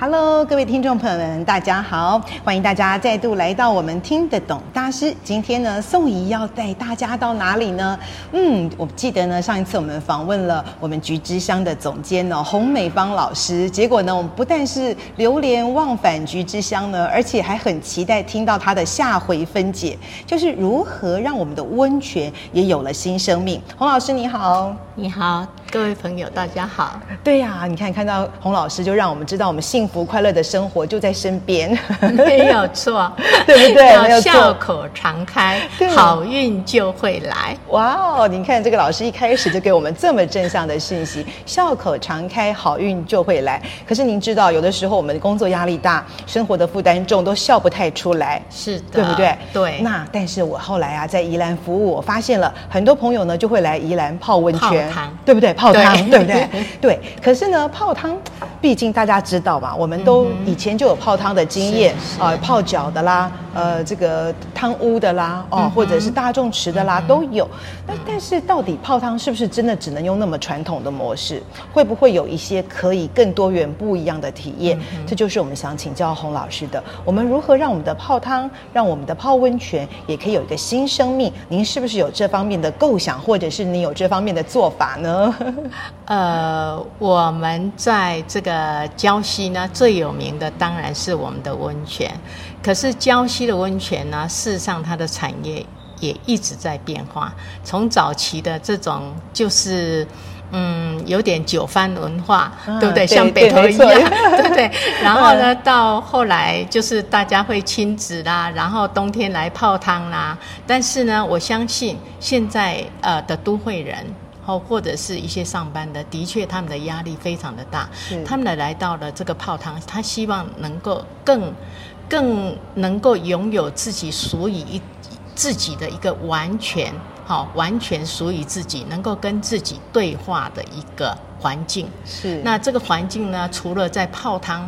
Hello，各位聽眾朋友們，大家好！歡迎大家再度來到我們聽得懂大師。今天呢，宋怡要帶大家到哪裡呢？嗯，我記得呢，上一次我們訪問了我們橘之鄉的總監呢，洪美芳老師。結果呢，我們不但是流連忘返橘之鄉呢，而且還很期待聽到他的下回分解，就是如何讓我們的溫泉也有了新生命。洪老師你好，你好。你好各位朋友，大家好。對呀、啊，你看看到洪老師，就讓我們知道我們幸福快樂的生活就在身邊， 沒有錯，對不對？笑口常開，對好運就會來。哇哦，你看這個老師一開始就給我們這麼正向的信息,： 笑口常開，好運就會來。可是您知道，有的時候我們的工作壓力大，生活的負擔重，都笑不太出來，是的。對不對？對。那但是我後來啊，在宜蘭服務，我發現了很多朋友呢，就會來宜蘭泡溫泉，泡潭對不對？泡湯對，對不對？ 對，可是呢，泡湯，畢竟大家知道嘛，我們都以前就有泡湯的經驗啊、嗯哼呃，泡腳的啦。呃，這個湯屋的啦，哦，嗯、哼或者是大眾池的啦，嗯、哼都有但。但是到底泡湯是不是真的只能用那麼傳統的模式？會不會有一些可以更多元不一樣的體驗？嗯、哼這就是我們想請教洪老師的。我們如何讓我們的泡湯，讓我們的泡溫泉也可以有一個新生命？您是不是有這方面的構想，或者是你有這方面的做法呢？呃，我們在這個礁溪呢，最有名的當然是我們的溫泉。可是，礁溪的溫泉呢，事實上，它的產業也一直在變化。從早期的這種，就是嗯，有點酒坊文化，嗯、對不對？對，像北投一樣，對，對，對，對不對？嗯、然後呢，到後來就是大家會親子啦，然後冬天來泡湯啦。但是呢，我相信現在呃的都會人，或者是一些上班的，的確他們的壓力非常的大。是他們來到了這個泡湯，他希望能夠更更能夠擁有自己屬於一自己的一個完全，好、哦、完全屬於自己，能夠跟自己對話的一個環境。是。那這個環境呢，除了在泡湯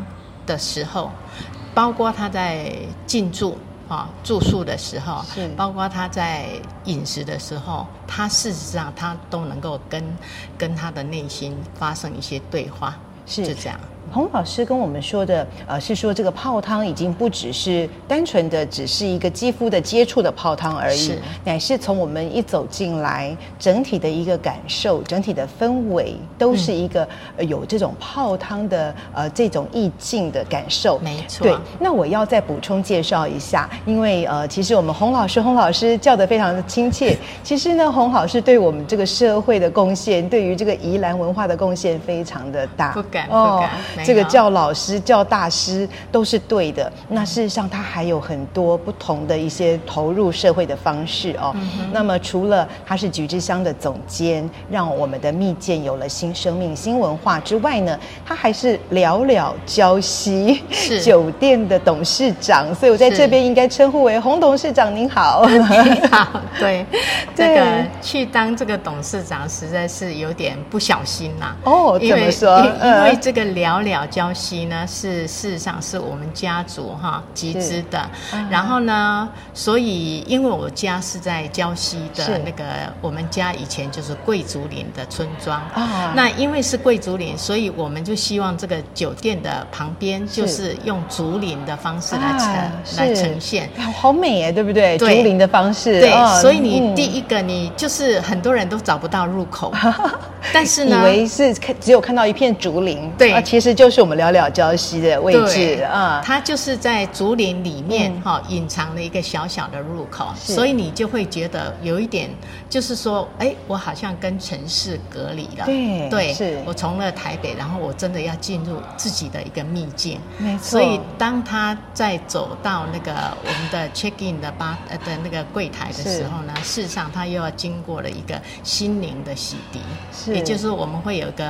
的時候，包括他在進住啊、哦、住宿的時候，是。包括他在飲食的時候，他事實上他都能夠跟跟他的內心發生一些對話。是。就這樣。洪老師跟我們說的，呃，是說這個泡湯已經不只是單純的只是一個肌膚的接觸的泡湯而已，是乃是從我們一走進來，整體的一個感受，整體的氛圍，都是一個有這種泡湯的，呃，這種意境的感受。沒錯。對。那我要再補充介紹一下，因為呃，其實我們洪老師，洪老師叫得非常的親切。 其實呢，洪老師對我們這個社會的貢獻，對於這個宜蘭文化的貢獻非常的大。不敢，不敢。哦這個叫老師，有叫大師都是對的。那事實上，他還有很多不同的一些投入社會的方式哦。嗯、哼那麼，除了他是橘之鄉的總監，讓我們的蜜餞有了新生命、新文化之外呢，他還是了了礁溪酒店的董事長。是所以我在是這邊應該稱呼為洪董事長您好。您好，好對，對這個去當這個董事長實在是有點不小心吶、啊。哦，為怎麼說？因為、嗯、因為這個了了。了礁溪呢，是事實上是我們家族哈集資的，然後呢，所以因為我家是在礁溪的那個，我們家以前就是桂竹林的村莊啊，那因為是桂竹林，所以我們就希望這個酒店的旁邊就是用竹林的方式來呈來呈現。好美哎，對不對？竹林的方式，對，所以你第一個你就是很多人都找不到入口，但是呢，以為是看只有看到一片竹林，對，其實。就是我們了了礁溪的位置對啊，它就是在竹林裡面隱、嗯、藏了一個小小的入口，是所以你就會覺得有一點，就是說，哎、欸，我好像跟城市隔離了，對，對是我從了台北，然後我真的要進入自己的一個秘境，沒錯錯。所以當他在走到那個我們的 check in 的吧的那個櫃台的時候呢，是事實上他又要經過了一個心靈的洗滌，是，也就是我們會有一個。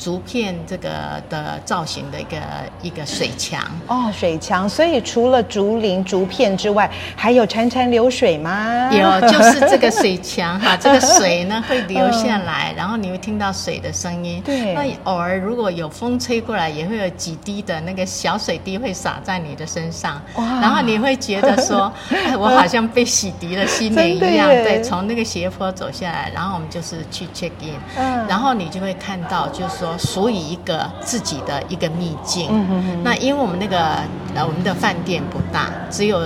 竹片這個的造型的一個一個水牆哦，水牆，所以除了竹林、竹片之外，還有潺潺流水嗎？有，就是這個水牆哈， 這個水呢會流下來，嗯、然後你會聽到水的聲音。對，那偶爾如果有風吹過來，也會有幾滴的那個小水滴會灑在你的身上。哇，然後你會覺得說，哎，我好像被洗滌了心靈一樣。嗯、對，從那個斜坡走下來，然後我們就是去 check in，、嗯、然後你就會看到，就是說。屬於一個自己的一個秘境。嗯哼嗯哼。那因為我們那個呃，我們的飯店不大，只有。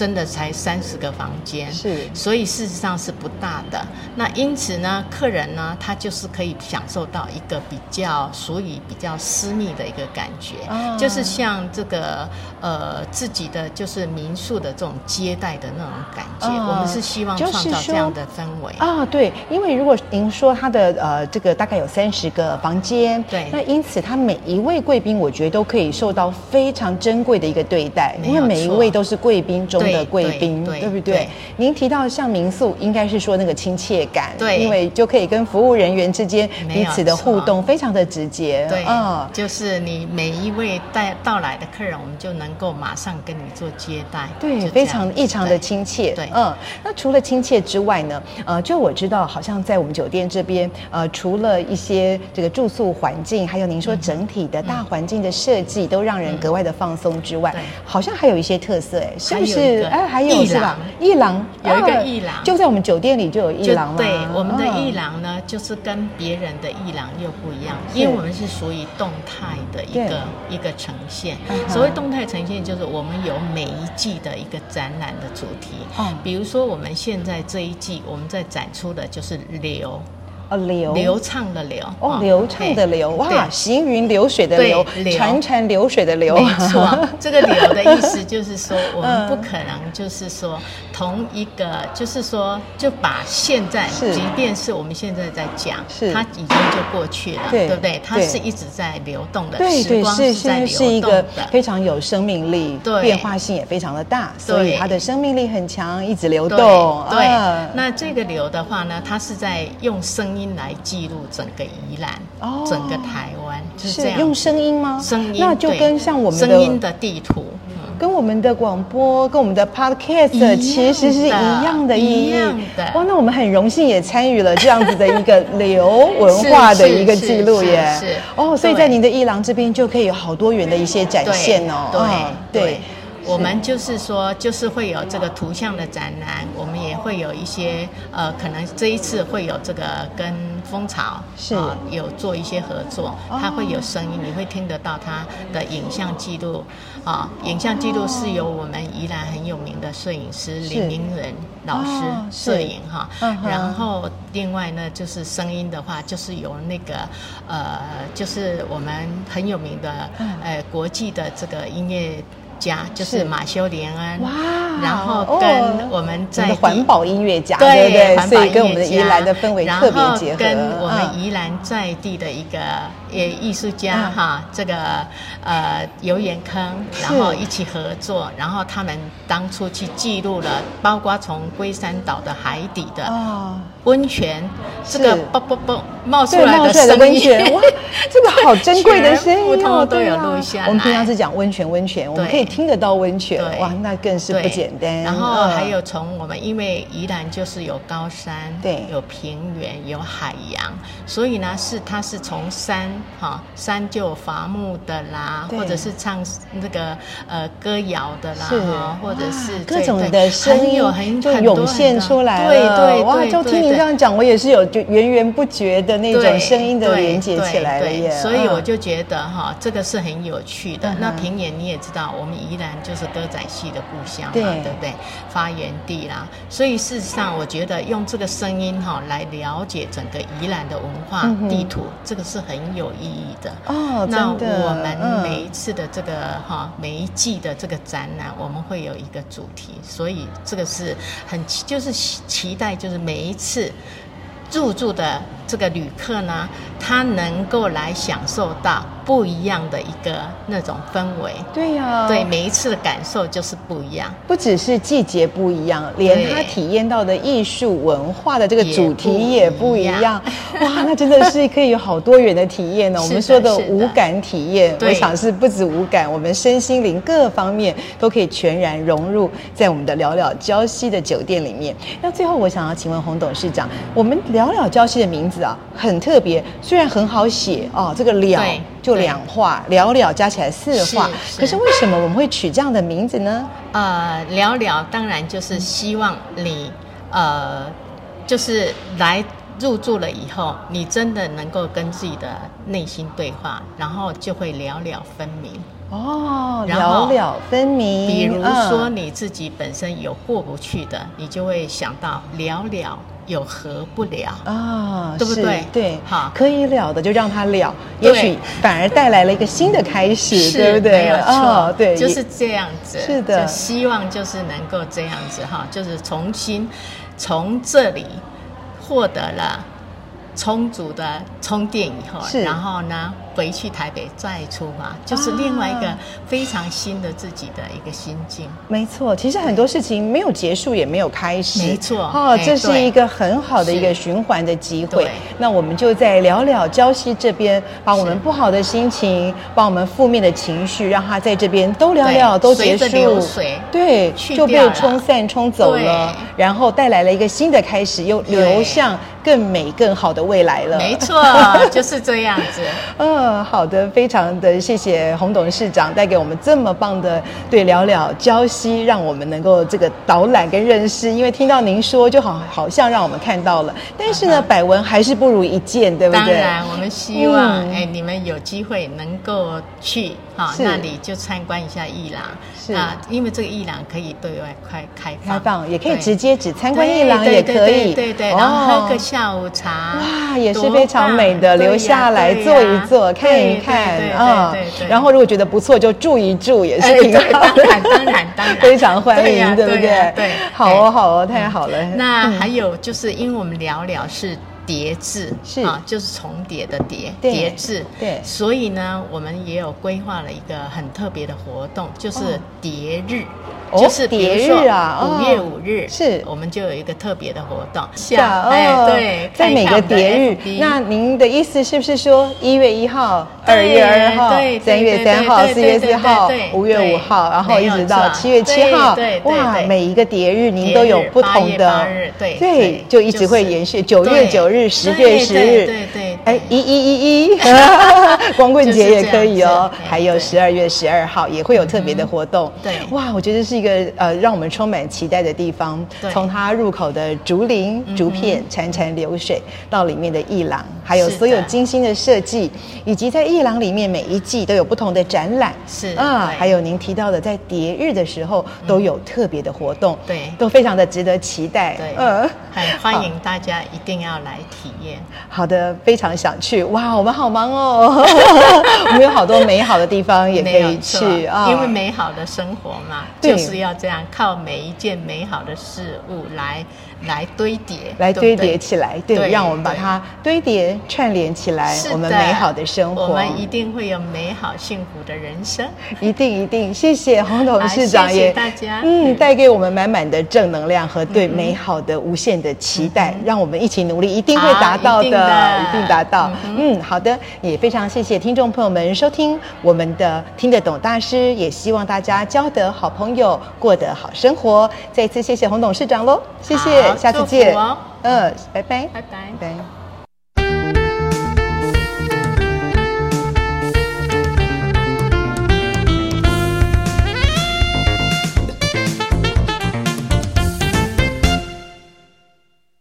真的才三十個房間，是，所以事實上是不大的。那因此呢，客人呢，他就是可以享受到一個比較屬於比較私密的一個感覺，嗯、就是像這個呃自己的就是民宿的這種接待的那種感覺。嗯、我們是希望創造這樣的氛圍啊，對，因為如果您說他的呃這個大概有三十個房間，對，那因此他每一位貴賓，我覺得都可以受到非常珍貴的一個對待，因為每一位都是貴賓中的貴賓，對，對，對，對，對不對？對對，您提到像民宿，應該是說那個親切感，對，因為就可以跟服務人員之間彼此的互動非常的直接，對啊、嗯，就是你每一位帶到來的客人，我們就能夠馬上跟你做接待，對，非常異常的親切，對，對嗯。那除了親切之外呢，呃，就我知道，好像在我們酒店這邊，呃，除了一些這個住宿環境，還有您說整體的大環境的設計，都讓人格外的放鬆之外，對好像還有一些特色，哎，是不是？對，哎、欸，還有藝廊。藝廊廊。有一個藝廊、啊。就在我們酒店裡就有藝廊了。對，我們的藝廊呢，哦、就是跟別人的藝廊又不一樣，對因為我們是屬於動態的一個對一個呈現。啊、哈所謂動態呈現，就是我們有每一季的一個展覽的主題。嗯，比如說我們現在這一季我們在展出的就是流。流流暢的流，流暢的流哇，行雲流水的流，潺潺流水的流，沒錯。這個流的意思就是說，我們不可能就是說同一個，就是說就把現在，即便是我們現在在講，它已經就過去了，對不對？它是一直在流動的，對，時光是在流動的，對，是，是，是一個非常有生命力，對，變化性也非常的大，所以它的生命力很強，一直流動。對，那這個流的話呢，它是在用聲音。音來記錄整個宜蘭，哦、整個台灣就是，是用聲音嗎？聲音，那就跟像我們的聲音的地圖，嗯、跟我們的廣播，跟我們的 Podcast 其實是一樣的意義。哇、哦，那我們很榮幸也參與了這樣子的一個流文化的一個記錄耶。哦， 所以在您的藝廊這邊就可以有好多元的一些展現哦。對。對對嗯對我們就是說，就是會有這個圖像的展覽，我們也會有一些呃，可能這一次會有這個跟蜂巢是啊、呃、有做一些合作，它會有聲音，你會聽得到它的影像記錄啊，影像記錄是由我們宜蘭很有名的攝影師李明仁老師攝影哈，然後另外呢就是聲音的話，就是由那個呃，就是我們很有名的呃國際的這個音樂。家就是馬修·連恩，哇，然後跟我們在、哦，那個、環保音樂家，對，對不對？所以跟我們的宜蘭的氛圍特別結合，然後跟我們宜蘭在地的一個。也藝術家哈，這個呃油鹽坑，然後一起合作，然後他們當初去記錄了，包括從龜山島的海底的溫泉，這個不不不冒出來的聲音，這個好珍貴的聲音都有錄一下。我們平常是講溫泉溫泉，我們可以聽得到溫泉，哇，那更是不簡單。然後還有從我們因為宜蘭就是有高山，對，有平原，有海洋，所以呢是它是從山。好山就伐木的啦，或者是唱那個呃歌謠的啦，或者是各種的聲音有很很湧現出來，對對對，哇！就聽你這樣講，我也是有就源源不絕的那種聲音的連接起來了耶。所以我就覺得哈，這個是很有趣的。那平野你也知道，我們宜蘭就是歌仔戲的故鄉嘛，對不對？發源地啦。所以事實上，我覺得用這個聲音哈來了解整個宜蘭的文化地圖，這個是很有。有意義的哦，的嗯、那我們每一次的這個哈，每一季的這個展覽，我們會有一個主題，所以這個是很期，就是期待，就是每一次入住，住的這個旅客呢，他能夠來享受到，不一樣的一個那種氛圍，對呀、啊，對每一次的感受就是不一樣，不只是季節不一樣，連他體驗到的藝術文化的這個主題也不一樣。一樣 哇，那真的是可以有好多元的體驗呢！ 我們說的五感體驗，對我想是不止五感，我們身心靈各方面都可以全然融入在我們的了了礁溪的酒店裡面。那最後我想要請問洪董事長，我們了了礁溪的名字啊，很特別，雖然很好寫哦，這個了。就兩畫，對了了加起來四畫。是是，可是為什麼我們會取這樣的名字呢？呃，了了當然就是希望你呃，就是來入住了以後，你真的能夠跟自己的內心對話，然後就會了了分明。哦，了了分明。比如說你自己本身有過不去的，你就會想到了了有何不了啊，對不對？對，好，可以了的就讓它了，也許反而帶來了一個新的開始，對不對？是，沒錯，對，就是這樣子。是的，希望就是能夠這樣子哈，就是重新從這裡獲得了充足的充電以後，然後呢？回去台北再出發，就是另外一個非常新的自己的一個心境。啊，沒錯，其實很多事情沒有結束也沒有開始，沒錯，哦，這是一個很好的一個循環的機會。欸、那我們就在了了礁溪這邊，把我們不好的心情，是把我們負面的情緒，讓他在這邊都了了，對都結束，對，去了就被沖散沖走了，對然後帶來了一個新的開始，又流向更美更好的未來了。對沒錯，就是這樣子， 嗯。嗯，好的，非常的謝謝洪董事長帶給我們這麼棒的對了了礁溪，讓我們能夠這個導覽跟認識。因為聽到您說，就好好像讓我們看到了，但是呢，嗯、百聞還是不如一見，對不對？當然，我們希望、嗯、哎，你們有機會能夠去。那裡就參觀一下藝廊，啊，因為這個藝廊可以對外快開放，也可以直接只參觀藝廊也可以，對對然後喝個下午茶，哇，也是非常美的，留下來坐一坐看一看啊，對對。然後如果覺得不錯就住一住也是一樣，當然當然當然非常歡迎，對不對？對，好哦好哦，太好了。那還有就是，因為我們了了是。疊字啊，就是重疊的疊，疊字。對，所以呢，我們也有規劃了一個很特別的活動，就是疊日，就是疊日啊，五月五日。是，我們就有一個特別的活動。小二對，在每個疊日，那您的意思是不是說一月一號、二月二號、三月三號、四月四號、五月五號，然後一直到七月七號？哇，每一個疊日您都有不同的，對，就一直會延續九月九日。對，實驗實驗，對對對，對。哎，一一一一，11 11? 光棍節也可以哦、喔。還有十二月十二號也會有特別的活動，對，哇，我覺得是一個呃，讓我們充滿期待的地方。從它入口的竹林、竹片、潺潺流水，到裡面的藝廊，還有所有精心的設計，以及在藝廊裡面每一季都有不同的展覽。是啊，還有您提到的在疊日的時候都有特別的活動。對，都非常的值得期待。對，很歡迎大家一定要來體驗。好的，非常。想去哇！我們好忙哦， 我們有好多美好的地方也可以去，沒有錯，啊，因為美好的生活嘛，對就是要這樣靠每一件美好的事物來來堆疊，來堆疊起來，對，讓我們把它堆疊串聯起來，我們美好的生活，我們一定會有美好幸福的人生，一定一定。謝謝洪董事長，也謝謝大家，嗯，帶給我們滿滿的正能量和對美好的無限的期待，讓我們一起努力，一定會達到的，一定達到。嗯，好的，也非常謝謝聽眾朋友們收聽我們的聽得懂大師，也希望大家交得好朋友，過得好生活。再次謝謝洪董事長嘍，謝謝。下次見，嗯、呃，拜拜，拜拜，拜拜。